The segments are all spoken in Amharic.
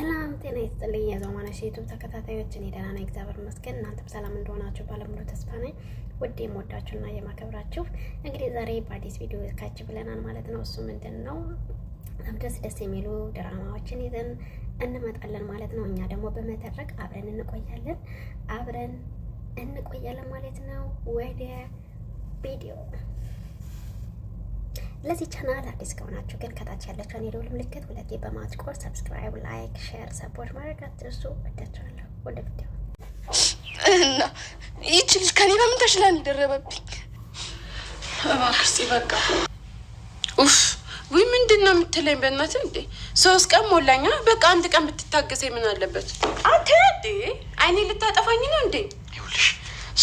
ሰላም ጤና ይስጥልኝ። የዘማነሽ ዩቱብ ተከታታዮች እኔ ደህና ነኝ፣ እግዚአብሔር ይመስገን። እናንተም ሰላም እንደሆናችሁ ባለሙሉ ተስፋ ነኝ። ውድ የምወዳችሁና የማከብራችሁ እንግዲህ ዛሬ በአዲስ ቪዲዮ ካች ብለናል ማለት ነው። እሱ ምንድን ነው ደስ ደስ የሚሉ ድራማዎችን ይዘን እንመጣለን ማለት ነው። እኛ ደግሞ በመተረቅ አብረን እንቆያለን፣ አብረን እንቆያለን ማለት ነው። ወደ ቪዲዮ ለዚህ ቻናል አዲስ ከሆናችሁ ግን ከታች ያለችውን የደውል ምልክት ሁለቴ በማጥቆር ሰብስክራይብ፣ ላይክ፣ ሼር፣ ሰፖርት ማድረግ አትርሱ። ወዳችኋለሁ። ወደ ቪዲዮ እና ይቺ ልጅ ከኔ በምን ተሽላ የሚደረበብኝ እባክሽ በቃ ኡፍ ወይ ምንድን ነው የምትለኝ? በእናት እንዴ ሶስት ቀን ሞላኛ። በቃ አንድ ቀን ብትታገሰኝ ምን አለበት? አንተ እንዴ አይኔ ልታጠፋኝ ነው እንዴ? ይኸውልሽ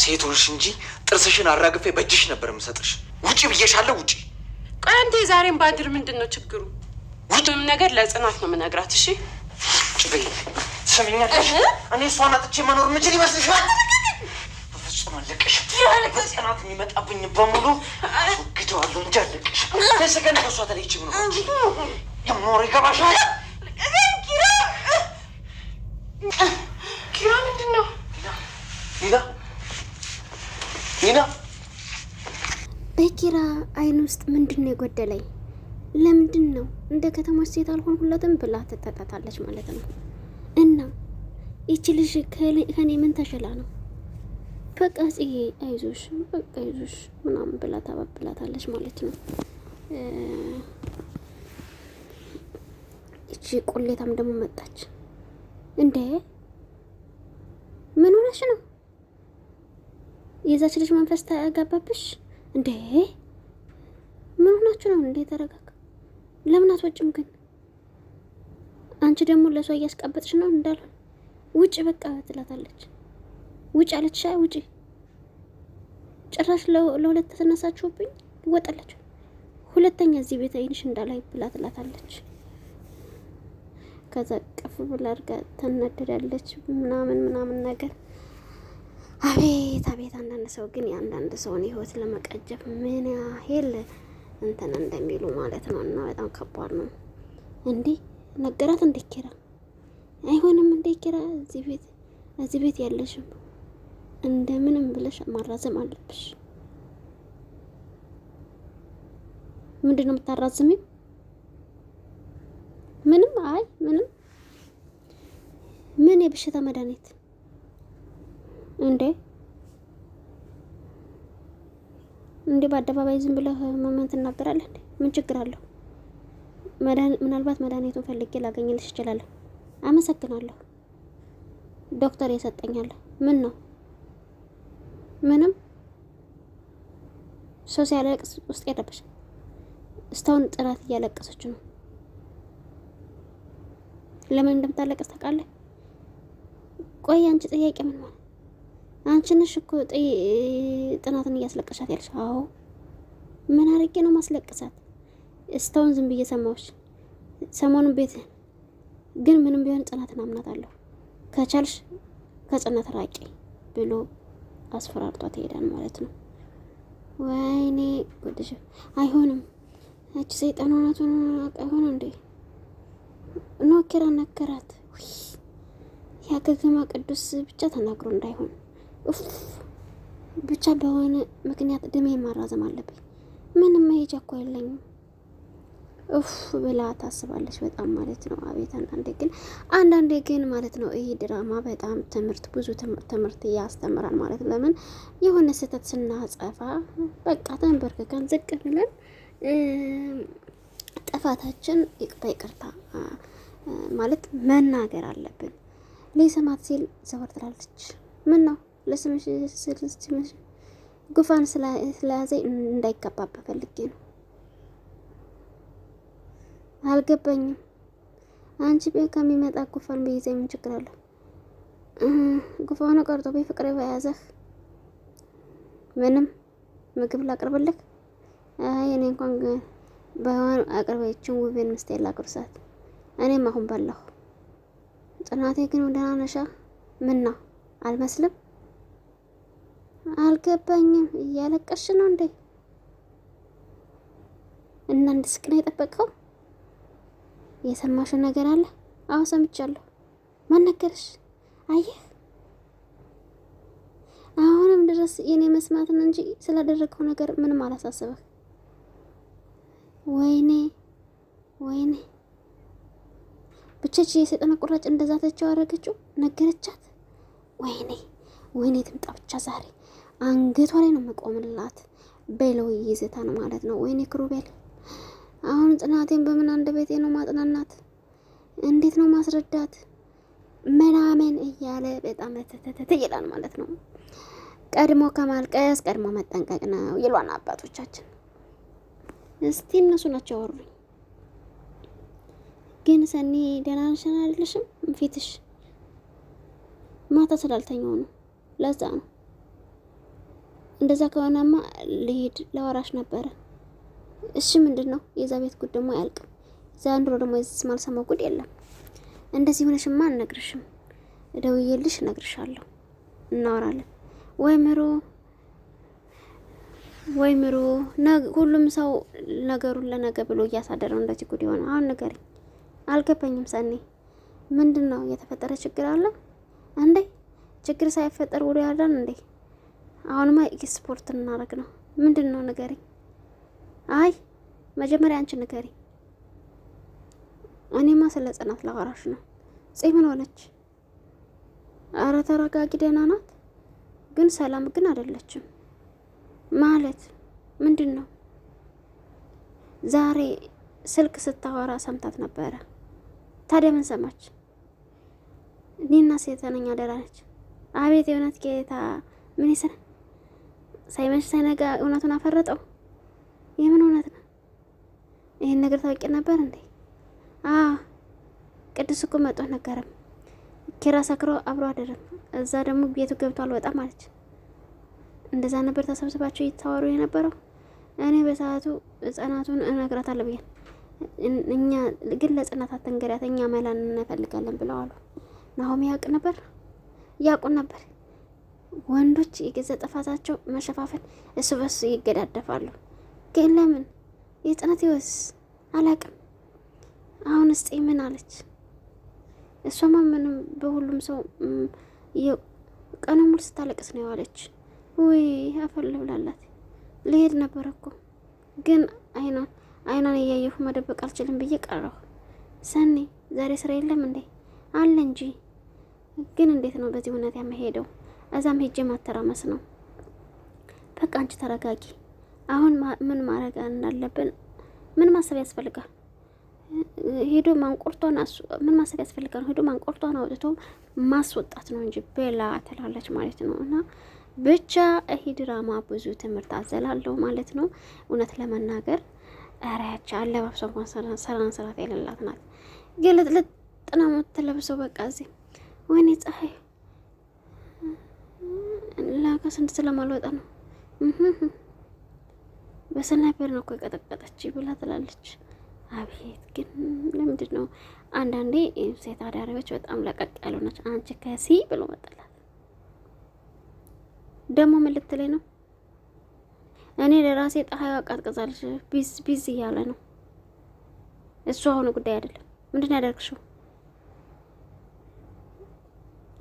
ሴት ሆንሽ እንጂ ጥርስሽን አራግፌ በእጅሽ ነበር የምሰጥሽ። ውጪ ብዬሻለሁ፣ ውጪ ቆይ አንተ የዛሬን ባድር ምንድን ነው ችግሩ? ሁሉም ነገር ለጽናት ነው የምነግራት። እሺ ትሰሚኛለሽ? እኔ እሷን አጥቼ መኖር የምችል ይመስልሻል? በፍጹም የሚመጣብኝ በሙሉ እንጂ ከእሷ ተለይቼ የምኖር ይገባሻል? ኪራ ምንድን ነው በኪራ አይን ውስጥ ምንድን ነው የጎደለኝ? ለምንድን ነው እንደ ከተማ ሴት አልሆንኩለትም ብላ ትጠጣታለች ማለት ነው። እና ይቺ ልጅ ከኔ ምን ተሽላ ነው? በቃ ጽዬ አይዞሽ፣ በቃ አይዞሽ ምናምን ብላ ታባብላታለች ማለት ነው። ይቺ ቆሌታም ደግሞ መጣች። እንዴ ምን ሆነሽ ነው? የዛች ልጅ መንፈስ ተጋባብሽ? እንዴ ምን ሆናችሁ ነው እንዴ? ተረጋጋ። ለምን አትወጭም ግን? አንቺ ደግሞ ለሷ እያስቀበጥሽ ነው እንዳልሆን ውጭ በቃ ትላታለች። ውጭ አለች። ሻይ ውጪ ጭራሽ ለሁለት ተነሳችሁብኝ። ይወጣለች። ሁለተኛ እዚህ ቤት አይንሽ እንዳላይ ብላ ትላታለች። ከዛ ቀፍ ብላ አድርጋ ተናደዳለች ምናምን ምናምን ነገር አቤት አቤት! አንዳንድ ሰው ግን የአንዳንድ ሰውን ህይወት ለመቀጀፍ ምን ያህል እንትን እንደሚሉ ማለት ነው። እና በጣም ከባድ ነው። እንዲህ ነገራት እንዴ ኪራ፣ አይሆንም እንዴ ኪራ፣ እዚህ ቤት እዚህ ቤት ያለሽም እንደምንም ብለሽ ማራዘም አለብሽ። ምንድን ነው የምታራዝሚው? ምንም አይ ምንም ምን የበሽታ መድኃኒት እንዴ እንዴ በአደባባይ ዝም ብለህ መመን ትናገራለህ? ምን ችግር አለው? ምናልባት መድኃኒቱን ፈልጌ ላገኝልሽ እችላለሁ። አመሰግናለሁ ዶክተር የሰጠኛለ። ምን ነው? ምንም ሰው ሲያለቅስ ውስጥ ያለበች እስካሁን ጥናት እያለቀሰች ነው። ለምን እንደምታለቅስ ታውቃለህ? ቆይ አንቺ ጥያቄ ምን ማለት አንቺ ነሽ እኮ ጽናትን እያስለቀሻት ያልሽ። አዎ ምን አርጌ ነው ማስለቀሳት? እስታውን ዝም ብዬ ሰማዎች። ሰሞኑን ቤት ግን ምንም ቢሆን ጽናትን አምናታለሁ። ከቻልሽ ከጽናት ራቂ ብሎ አስፈራርቷት ይሄዳል ማለት ነው። ወይኔ ጉድሽ! አይሆንም እች ሰይጣን ሆናቱን አይሆን እንዴ ኖ ነከራት። ያገግማ ቅዱስ ብቻ ተናግሮ እንዳይሆን ብቻ በሆነ ምክንያት ድሜ ማራዘም አለብኝ። ምንም መሄጃ እኮ የለኝም እፍ ብላ ታስባለች። በጣም ማለት ነው። አቤት አንዳንዴ ግን አንዳንዴ ግን ማለት ነው ይህ ድራማ በጣም ትምህርት ብዙ ትምህርት ያስተምራል ማለት ለምን የሆነ ስህተት ስናጸፋ በቃ ተንበርክከን ዝቅ ብለን ጥፋታችን ይቅርታ ማለት መናገር አለብን። ሊሰማት ሲል ዘወር ትላለች። ምን ነው ለስምሽ ጉፋን ስለያዘ እንዳይጋባባ ፈልጌ ነው። አልገባኝም። አንቺ ቤት ከሚመጣ ጉፋን ብይዘኝ ምን ችግር አለው? ጉፋኑ ቀርቶ ቤት ፍቅር በያዘህ ምንም ምግብ ላቅርብልህ? አይ እኔ እንኳን ባይሆን አቅርበችን ውቤን ምስቴ ላቅርሳት። እኔም አሁን በላሁ። ጽናቴ ግን ደህና ነሻ? ምነው አልመስልም? አልገባኝም። እያለቀሽ ነው እንዴ? እና እንድስቅ የጠበቀው? የሰማሽው ነገር አለ? አዎ ሰምቻለሁ። ማን ነገርሽ? አየህ፣ አሁንም ድረስ የኔ መስማትን እንጂ ስላደረገው ነገር ምንም አላሳስበህ። ወይኔ ወይኔ፣ ብቻች የሰይጣን ቁራጭ እንደዛተቸው አደረገችው። ነገረቻት። ወይኔ ወይኔ፣ ትምጣ ብቻ ዛሬ አንገቷ ላይ ነው መቆምላት በለው ይዘታን ማለት ነው። ወይኔ ክሩቤል፣ አሁን ጽናቴን በምን አንድ ቤቴ ነው ማጥናናት? እንዴት ነው ማስረዳት? ምናምን እያለ በጣም ተተተተ ይላል ማለት ነው። ቀድሞ ከማልቀስ ቀድሞ መጠንቀቅ ነው ይሏን አባቶቻችን። እስቲ እነሱ ናቸው ያወሩኝ። ግን ሰኒ ደህና ነሽ አይደለሽም? ፊትሽ ማታ ስላልተኛው ነው ለዛ ነው እንደዛ ከሆነማ ልሄድ ለወራሽ ነበረ። እሺ ምንድን ነው የዛ ቤት ጉድ ደግሞ አያልቅም። ዛንድሮ ደግሞ የዚህ ማልሰማው ጉድ የለም። እንደዚህ ሆነሽማ አልነግርሽም፣ እደውዬልሽ እነግርሻለሁ፣ እናወራለን። ወይ ምሮ ወይ ምሮ ሁሉም ሰው ነገሩን ለነገ ብሎ እያሳደረው እንደዚህ ጉድ የሆነ አሁን ንገሪኝ። አልገባኝም ሰኔ፣ ምንድን ነው የተፈጠረ ችግር አለ እንዴ? ችግር ሳይፈጠር ውሎ ያድራል እንዴ? አሁንማ ስፖርት እናደርግ ነው። ምንድን ነው ንገሪኝ። አይ መጀመሪያ አንቺ ንገሪኝ። እኔማ ስለ ጽናት ላወራሽ ነው። ጽ ምን ሆነች? አረ ተረጋጊ፣ ደህና ናት። ግን ሰላም ግን አይደለችም ማለት ምንድን ነው? ዛሬ ስልክ ስታወራ ሰምታት ነበረ። ታዲያ ምን ሰማች? እኔና ሴተነኛ አደራ አቤት የእውነት ጌታ ምን ይሰናል ሳይመሽ ሳይነጋ እውነቱን አፈረጠው። የምን እውነት ነው? ይህን ነገር ታውቂ ነበር እንዴ? አ ቅዱስ እኮ መጦ ነገረም። ኪራ ሰክሮ አብሮ አደረም። እዛ ደግሞ ቤቱ ገብቶ አልወጣም አለች። እንደዛ ነበር ተሰብስባቸው እየተዋሩ የነበረው። እኔ በሰዓቱ ህጻናቱን እነግራታለሁ ብያል። እኛ ግን ለጽናት አትንገሪያት እኛ መላ እንፈልጋለን ብለው አሉ። ናሆም ያውቅ ነበር ያውቁ ነበር ወንዶች የገዛ ጥፋታቸው መሸፋፈን እሱ በሱ ይገዳደፋሉ። ግን ለምን የጥነት ይወስ አላቅም። አሁን እስጤ ምን አለች? እሷማ ምንም በሁሉም ሰው ቀኑ ሙሉ ስታለቅስ ነው የዋለች። ወይ አፈል ብላላት። ልሄድ ነበር እኮ ግን አይኗን አይኗን እያየሁ መደበቅ አልችልም ብዬ ቀረሁ። ሰኔ ዛሬ ስራ የለም እንዴ? አለ እንጂ ግን እንዴት ነው በዚህ እውነት ያመሄደው? እዛም ሄጄ ማተራመስ ነው። በቃ አንቺ ተረጋጊ። አሁን ምን ማድረግ እንዳለብን ምን ማሰብ ያስፈልጋል? ሄዶ ማንቆርቷን ምን ማሰብ ያስፈልጋል? ሄዶ ማንቆርቷን አውጥቶ ማስወጣት ነው እንጂ ቤላ ትላለች ማለት ነው። እና ብቻ ይሄ ድራማ ብዙ ትምህርት አዘላለው ማለት ነው። እውነት ለመናገር ኧረ ያቺ አለባብሷ እንኳን ሰራን ስርዓት የሌላት ናት። ግልጥልጥ ነው የምትለብሰው። በቃ እዚህ ወይኔ ፀሐይ ከስንት ስለማልወጣ ነው በሰናይፐር ነው እኮ የቀጠቀጠች ብላ ትላለች። አቤት ግን ለምንድን ነው አንዳንዴ ሴት አዳሪዎች በጣም ለቀቅ ያሉ ነች። አንቺ ከሲ ብሎ መጠላት ደግሞ ምን ልትለኝ ነው? እኔ ለራሴ ፀሐይ ቀጥቅዛለች ቢዝ ቢዝ እያለ ነው እሱ። አሁኑ ጉዳይ አይደለም። ምንድን ያደርግሽው?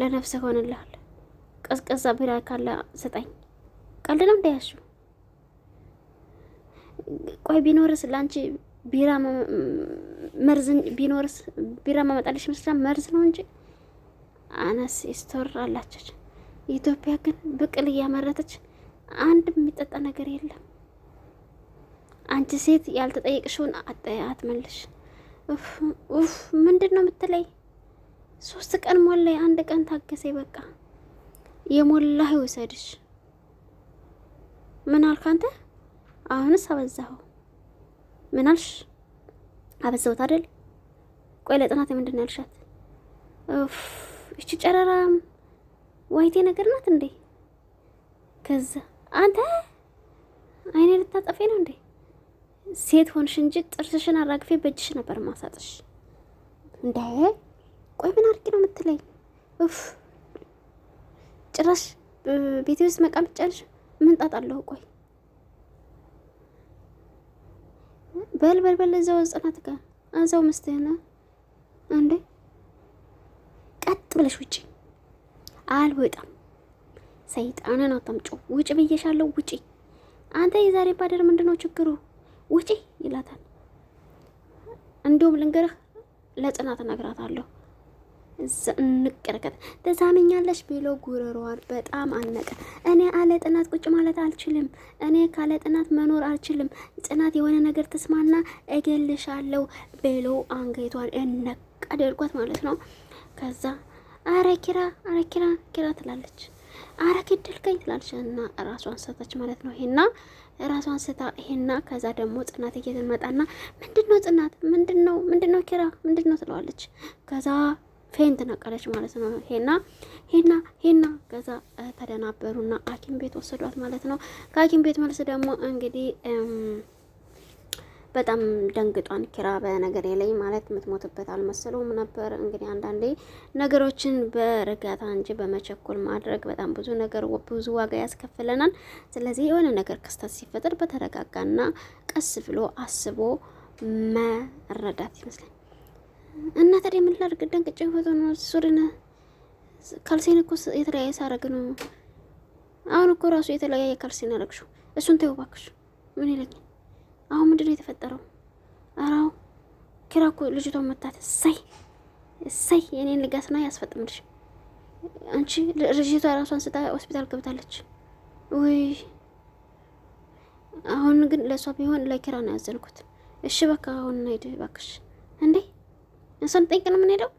ለነፍስ ሆንልሃል ቀዝቀዛ ቢራ ካለ ስጠኝ። ቀልድ ነው ቆይ ቢኖርስ ለአንቺ ቢራ መርዝ ቢኖርስ ቢራ ማመጣልሽ መስላ መርዝ ነው እንጂ አነስ ስቶር አላቸች። ኢትዮጵያ ግን ብቅል እያመረተች አንድ የሚጠጣ ነገር የለም። አንቺ ሴት ያልተጠየቅሽውን አትመልሽ። ኡፍ ምንድን ነው የምትለይ? ሶስት ቀን ሞላይ፣ አንድ ቀን ታገሰ በቃ። የሞላህ ይውሰድሽ። ምን አልክ አንተ? አሁንስ አበዛኸው። ምን አልሽ? አበዛሁት አይደል? ቆይ ለጥናት ምንድን ነው ያልሻት? ኡፍ እቺ ጨረራም ዋይቴ ነገር ናት እንዴ? ከዛ አንተ አይኔ ልታጠፊ ነው እንዴ? ሴት ሆንሽ እንጂ ጥርስሽን አራግፌ በእጅሽ ነበር ማሳጥሽ። እንዴ ቆይ ምን አርቂ ነው የምትለኝ? ኡፍ ጭራሽ ቤቴ ውስጥ መቀመጥ ጨርሽ ምንጣጥ አለሁ። ቆይ በል በል በል እዛው ጽናት ጋር እዛው መስተህና እንዴ ቀጥ ብለሽ ውጪ። አልወጣም። ሰይጣንን አታምጪው። ውጪ ብዬሻለሁ። ውጪ። አንተ የዛሬ ባደር ምንድነው ችግሩ? ውጪ ይላታል። እንደውም ልንገርህ፣ ለጽናት እነግራታለሁ እንቅርቅት ትዛምኛለሽ ቢሎ ጉሮሮዋን በጣም አነቀ። እኔ አለ ጥናት ቁጭ ማለት አልችልም። እኔ ካለ ጥናት መኖር አልችልም። ጥናት የሆነ ነገር ተስማና እገልሻለሁ ብሎ አንገቷን እነቅ አድርጓት ማለት ነው። ከዛ አረ ኪራ፣ አረ ኪራ፣ ኪራ ትላለች። አረ ክድልከኝ ትላለች እና ራሷን ስታች ማለት ነው። ይሄና ራሷን ስታ ይሄና ከዛ ደግሞ ጽናት እየተመጣና ምንድነው ጽናት ምንድነው ምንድነው ኪራ ምንድነው ትለዋለች ከዛ ፌን ነቀለች ማለት ነው። ሄና ሄና ሄና ከዛ ተደናበሩና ሐኪም ቤት ወሰዷት ማለት ነው። ከሐኪም ቤት መልስ ደግሞ እንግዲህ በጣም ደንግጧን ኪራ በነገር ላይ ማለት የምትሞትበት አልመሰለውም ነበር። እንግዲህ አንዳንዴ ነገሮችን በእርጋታ እንጂ በመቸኮል ማድረግ በጣም ብዙ ነገር ብዙ ዋጋ ያስከፍለናል። ስለዚህ የሆነ ነገር ክስተት ሲፈጠር በተረጋጋና ቀስ ብሎ አስቦ መረዳት ይመስላል። እና ታዲያ ምን ላድርግ? ደንቅጬ ፎቶ ነው ሱሪና ካልሲን እኮ የተለያየ ሳረግ ነው። አሁን እኮ ራሱ የተለያየ ካልሲን አረግሽው። እሱን ተይው እባክሽ። ምን ይለኝ አሁን? ምንድን ነው የተፈጠረው? አራው ኪራ እኮ ልጅቷን መታት። እሰይ እሰይ! የእኔን ልጋስና ያስፈጥምልሽ። አንቺ ልጅቷ ራሷን ስታ ሆስፒታል ገብታለች። ውይ አሁን ግን ለእሷ ቢሆን ለኪራ ነው ያዘንኩት። እሺ በቃ አሁን ሂድ እባክሽ። እሷን ጠይቅ ነው የምንሄደው።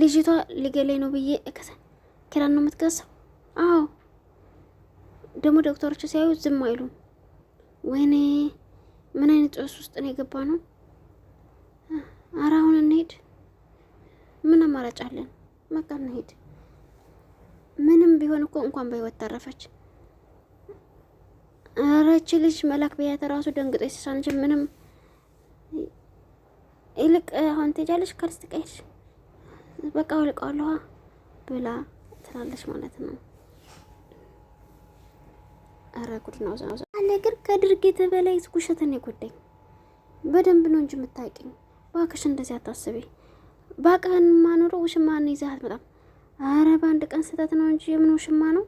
ልጅቷ ሊገላይ ነው ብዬ እከሰ ኪራን ነው የምትከሰው። አዎ ደግሞ ዶክተሮቹ ሲያዩ ዝም አይሉም። ወይኔ ምን አይነት ጮስ ውስጥ ነው የገባ ነው። አረ አሁን እንሄድ። ምን አማራጭ አለን? በቃ እንሄድ። ምንም ቢሆን እኮ እንኳን በህይወት ተረፈች። አረች ልጅ መላክ ብያተ ራሱ ደንግጦ የስሳንች ምንም ይልቅ አሁን ትሄጃለሽ ካልስ ትቀይርሽ በቃ ወልቀዋለኋ ብላ ትላለች ማለት ነው። ኧረ ጉድ ነው ዛዛ አለ። ግን ከድርጊት በላይ ውሸትን የጎዳኝ በደንብ ነው እንጂ የምታውቂኝ። እባክሽ እንደዚህ አታስቢ። በአቅህን ማኖሮ ውሽማን ይዘህ መጣም አረ በአንድ ቀን ስህተት ነው እንጂ የምን ውሽማ ነው?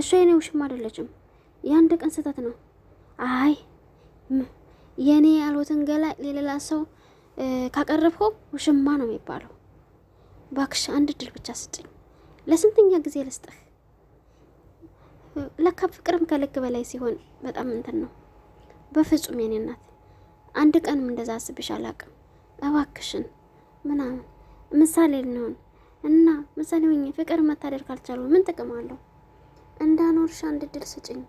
እሷ የኔ ውሽማ አይደለችም። የአንድ ቀን ስህተት ነው። አይ የእኔ ያሉትን ገላ ለሌላ ሰው ካቀረብከው ውሽማ ነው የሚባለው። ባክሽ አንድ እድል ብቻ ስጭኝ። ለስንተኛ ጊዜ ልስጥህ? ለካ ፍቅርም ከልክ በላይ ሲሆን በጣም እንትን ነው። በፍጹም የኔ እናት አንድ ቀንም እንደዛ አስብሽ አላቅም። እባክሽን ምናምን ምሳሌ ልንሆን እና ምሳሌ ሆኜ ፍቅር መታደር ካልቻሉ ምን ጥቅም አለው? እንዳኖርሽ አንድ እድል ስጭኝ።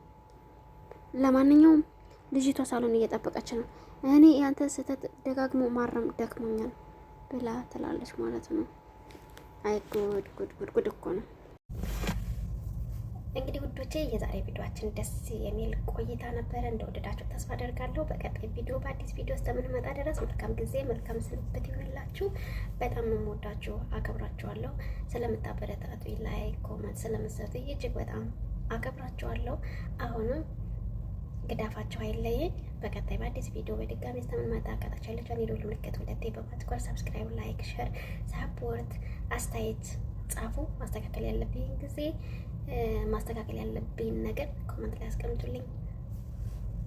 ለማንኛውም ልጅቷ ሳሎን እየጠበቀች ነው። እኔ ያንተ ስህተት ደጋግሞ ማረም ደክሞኛል ብላ ትላለች ማለት ነው። አይ ጉድ ጉድ ጉድ ጉድ እኮ ነው። እንግዲህ ውዶቼ የዛሬ ቪዲዮችን ደስ የሚል ቆይታ ነበረ። እንደወደዳችሁ ተስፋ አደርጋለሁ። በቀጣይ ቪዲዮ በአዲስ ቪዲዮ እስከምንመጣ ድረስ መልካም ጊዜ፣ መልካም ስንብት ይሆንላችሁ። በጣም የምወዳችሁ አከብራችኋለሁ። ስለምታበረታቱ ላይ ኮመንት ስለምትሰጡ እጅግ በጣም አከብራችኋለሁ። አሁንም ግዳፋቸው አይለየኝ። በቀጣይ በአዲስ ቪዲዮ በድጋሚ እስከምንመጣ አቃጣቻለችን የደወል ምልክት ሁለቴ በማትቆር ሰብስክራይብ፣ ላይክ፣ ሸር፣ ሳፖርት አስተያየት ጻፉ። ማስተካከል ያለብኝ ጊዜ ማስተካከል ያለብኝ ነገር ኮመንት ላይ አስቀምጡልኝ።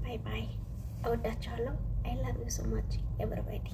ባይ ባይ። እወዳችኋለሁ። አይ ላቭ ዩ ሶ ማች ኤቨሪባዲ